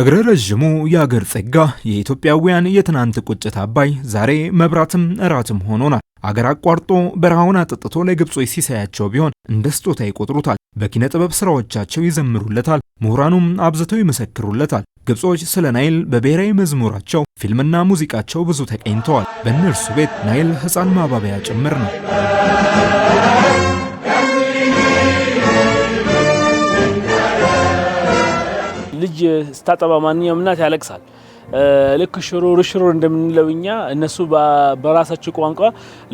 እግረ ረዥሙ የአገር ጸጋ የኢትዮጵያውያን የትናንት ቁጭት አባይ ዛሬ መብራትም እራትም ሆኖናል። አገር አቋርጦ በረሃውን አጠጥቶ ለግብጾች ሲሳያቸው ቢሆን እንደ ስጦታ ይቆጥሩታል። በኪነ ጥበብ ስራዎቻቸው ይዘምሩለታል። ምሁራኑም አብዝተው ይመሰክሩለታል። ግብጾች ስለ ናይል በብሔራዊ መዝሙራቸው፣ ፊልምና ሙዚቃቸው ብዙ ተቀኝተዋል። በእነርሱ ቤት ናይል ሕፃን ማባበያ ጭምር ነው። ልጅ ስታጠባ ማንኛውም እናት ያለቅሳል። ልክ ሽሩር ሽሩር እንደምንለው እኛ እነሱ በራሳቸው ቋንቋ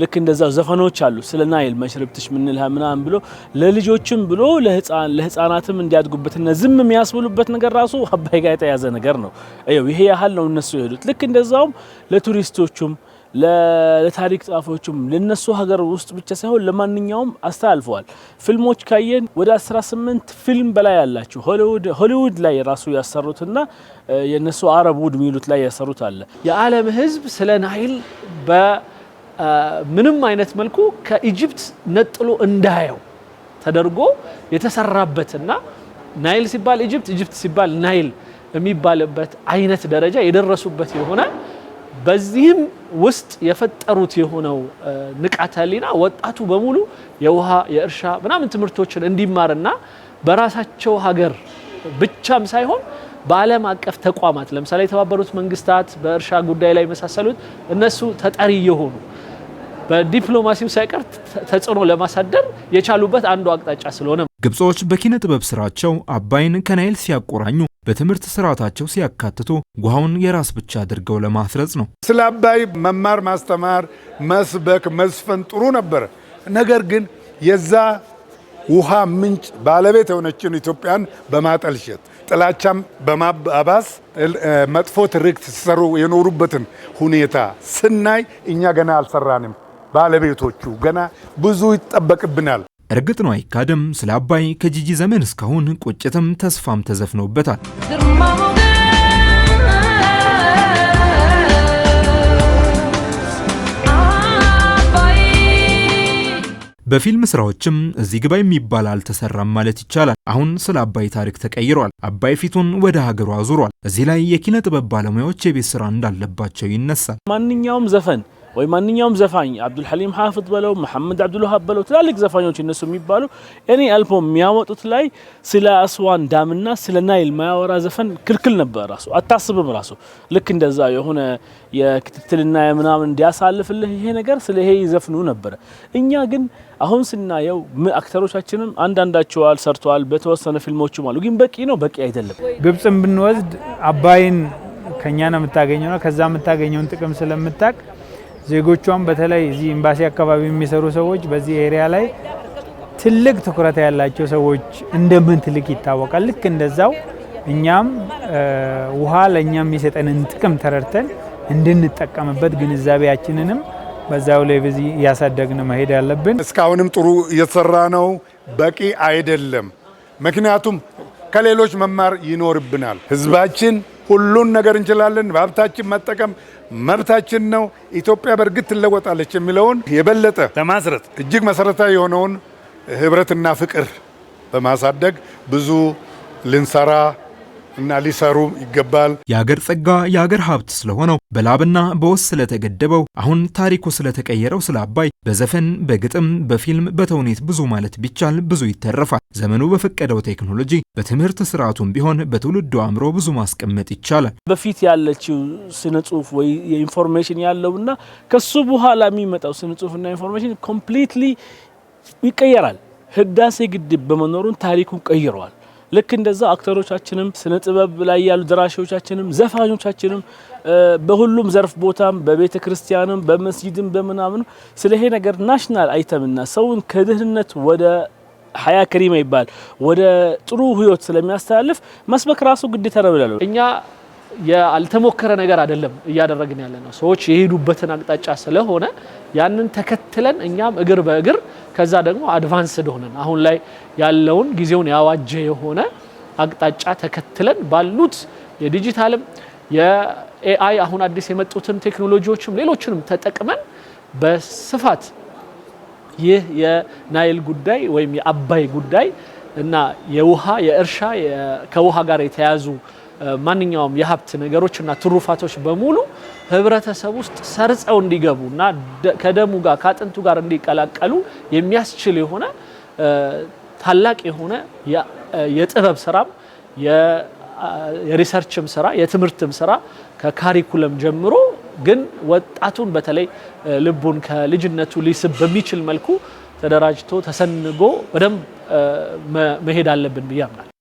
ልክ እንደዛ ዘፈኖች አሉ። ስለ ናይል መሽረብትሽ ምንልህ ምናምን ብሎ ለልጆችም ብሎ ለህፃናትም እንዲያድጉበትና ዝም የሚያስብሉበት ነገር ራሱ አባይ ጋር የተያዘ ነገር ነው። ይሄ ያህል ነው እነሱ የሄዱት። ልክ እንደዛውም ለቱሪስቶቹም ለታሪክ ጸሐፊዎችም ለነሱ ሀገር ውስጥ ብቻ ሳይሆን ለማንኛውም አስተላልፈዋል። ፊልሞች ካየን ወደ 18 ፊልም በላይ አላቸው ሆሊውድ ላይ ራሱ ያሰሩትና የነሱ አረብ ውድ የሚሉት ላይ ያሰሩት አለ። የዓለም ሕዝብ ስለ ናይል በምንም አይነት መልኩ ከኢጅፕት ነጥሎ እንዳየው ተደርጎ የተሰራበትና ናይል ሲባል ኢጅፕት ኢጅፕት ሲባል ናይል የሚባልበት አይነት ደረጃ የደረሱበት የሆነ በዚህም ውስጥ የፈጠሩት የሆነው ንቃተ ህሊና ወጣቱ በሙሉ የውሃ የእርሻ ምናምን ትምህርቶችን እንዲማርና በራሳቸው ሀገር ብቻም ሳይሆን በዓለም አቀፍ ተቋማት ለምሳሌ የተባበሩት መንግስታት በእርሻ ጉዳይ ላይ የመሳሰሉት እነሱ ተጠሪ የሆኑ በዲፕሎማሲው ሳይቀር ተጽዕኖ ለማሳደር የቻሉበት አንዱ አቅጣጫ ስለሆነ ግብጾች በኪነ ጥበብ ስራቸው አባይን ከናይል ሲያቆራኙ በትምህርት ስርዓታቸው ሲያካትቱ ውሃውን የራስ ብቻ አድርገው ለማስረጽ ነው። ስለ አባይ መማር፣ ማስተማር፣ መስበክ፣ መዝፈን ጥሩ ነበረ። ነገር ግን የዛ ውሃ ምንጭ ባለቤት የሆነችን ኢትዮጵያን በማጠልሸት ጥላቻም በማባባስ መጥፎ ትርክት ሲሰሩ የኖሩበትን ሁኔታ ስናይ እኛ ገና አልሰራንም። ባለቤቶቹ ገና ብዙ ይጠበቅብናል። እርግጥ ነው አይካደም፣ ስለ አባይ ከጂጂ ዘመን እስካሁን ቁጭትም ተስፋም ተዘፍኖበታል። በፊልም ስራዎችም እዚህ ግባ የሚባል አልተሰራም ማለት ይቻላል። አሁን ስለ አባይ ታሪክ ተቀይሯል። አባይ ፊቱን ወደ ሀገሩ አዙሯል። እዚህ ላይ የኪነ ጥበብ ባለሙያዎች የቤት ስራ እንዳለባቸው ይነሳል። ማንኛውም ዘፈን ወይ ማንኛውም ዘፋኝ አብዱልሐሊም ሐፍጥ በለው መሐመድ አብዱልውሃብ በለው ትላልቅ ዘፋኞች እነሱ የሚባሉ እኔ አልፎ የሚያወጡት ላይ ስለ አስዋን ዳምና ስለ ናይል ማያወራ ዘፈን ክልክል ነበር። ራሱ አታስብም። ራሱ ልክ እንደዛ የሆነ የክትትልና የምናምን እንዲያሳልፍልህ ይሄ ነገር ስለ ይሄ ይዘፍኑ ነበረ። እኛ ግን አሁን ስናየው አክተሮቻችንም አንዳንዳቸው ሰርተዋል፣ በተወሰነ ፊልሞችም አሉ። ግን በቂ ነው በቂ አይደለም። ግብፅን ብንወስድ አባይን ከኛ ነው የምታገኘው ነው ከዛ የምታገኘውን ጥቅም ስለምታቅ ዜጎቿም በተለይ እዚህ ኤምባሲ አካባቢ የሚሰሩ ሰዎች በዚህ ኤሪያ ላይ ትልቅ ትኩረት ያላቸው ሰዎች እንደምን ትልቅ ይታወቃል። ልክ እንደዛው እኛም ውሃ ለእኛ የሚሰጠንን ጥቅም ተረድተን እንድንጠቀምበት ግንዛቤያችንንም በዛው ላይ በዚህ እያሳደግን መሄድ ያለብን። እስካሁንም ጥሩ እየተሰራ ነው፣ በቂ አይደለም። ምክንያቱም ከሌሎች መማር ይኖርብናል። ህዝባችን ሁሉን ነገር እንችላለን፣ በሀብታችን መጠቀም መብታችን ነው፣ ኢትዮጵያ በእርግጥ ትለወጣለች የሚለውን የበለጠ ለማስረት እጅግ መሰረታዊ የሆነውን ህብረትና ፍቅር በማሳደግ ብዙ ልንሰራ እና ሊሰሩ ይገባል። የአገር ጸጋ የአገር ሀብት ስለሆነው በላብና በወስ ስለተገደበው አሁን ታሪኩ ስለተቀየረው ስለ አባይ በዘፈን በግጥም በፊልም በተውኔት ብዙ ማለት ቢቻል ብዙ ይተረፋል። ዘመኑ በፈቀደው ቴክኖሎጂ በትምህርት ስርዓቱም ቢሆን በትውልዱ አእምሮ ብዙ ማስቀመጥ ይቻላል። በፊት ያለችው ስነ ጽሁፍ ወይ የኢንፎርሜሽን ያለውና ከሱ በኋላ የሚመጣው ስነ ጽሁፍና ኢንፎርሜሽን ኮምፕሊትሊ ይቀየራል። ህዳሴ ግድብ በመኖሩን ታሪኩን ቀይረዋል። ልክ እንደዛ አክተሮቻችንም ስነ ጥበብ ላይ ያሉ ደራሲዎቻችንም ዘፋኞቻችንም በሁሉም ዘርፍ ቦታም በቤተ ክርስቲያንም በመስጂድም በምናምንም ስለ ይሄ ነገር ናሽናል አይተምና ሰውን ከድህነት ወደ ሀያ ከሪማ ይባል ወደ ጥሩ ህይወት ስለሚያስተላልፍ መስበክ ራሱ ግዴታ ነው ብላለሁ እኛ ያልተሞከረ ነገር አይደለም እያደረግን ያለ ነው። ሰዎች የሄዱበትን አቅጣጫ ስለሆነ ያንን ተከትለን እኛም እግር በእግር ከዛ ደግሞ አድቫንስድ ሆነን አሁን ላይ ያለውን ጊዜውን ያዋጀ የሆነ አቅጣጫ ተከትለን ባሉት የዲጂታልም የኤአይ አሁን አዲስ የመጡትን ቴክኖሎጂዎችም ሌሎችንም ተጠቅመን በስፋት ይህ የናይል ጉዳይ ወይም የአባይ ጉዳይ እና የውሃ የእርሻ ከውሃ ጋር የተያዙ ማንኛውም የሀብት ነገሮችና ትሩፋቶች በሙሉ ህብረተሰብ ውስጥ ሰርጸው እንዲገቡ እና ከደሙ ጋር ከአጥንቱ ጋር እንዲቀላቀሉ የሚያስችል የሆነ ታላቅ የሆነ የጥበብ ስራም የሪሰርችም ስራ የትምህርትም ስራ ከካሪኩለም ጀምሮ ግን ወጣቱን በተለይ ልቡን ከልጅነቱ ሊስብ በሚችል መልኩ ተደራጅቶ ተሰንጎ በደንብ መሄድ አለብን ብዬ አምናል።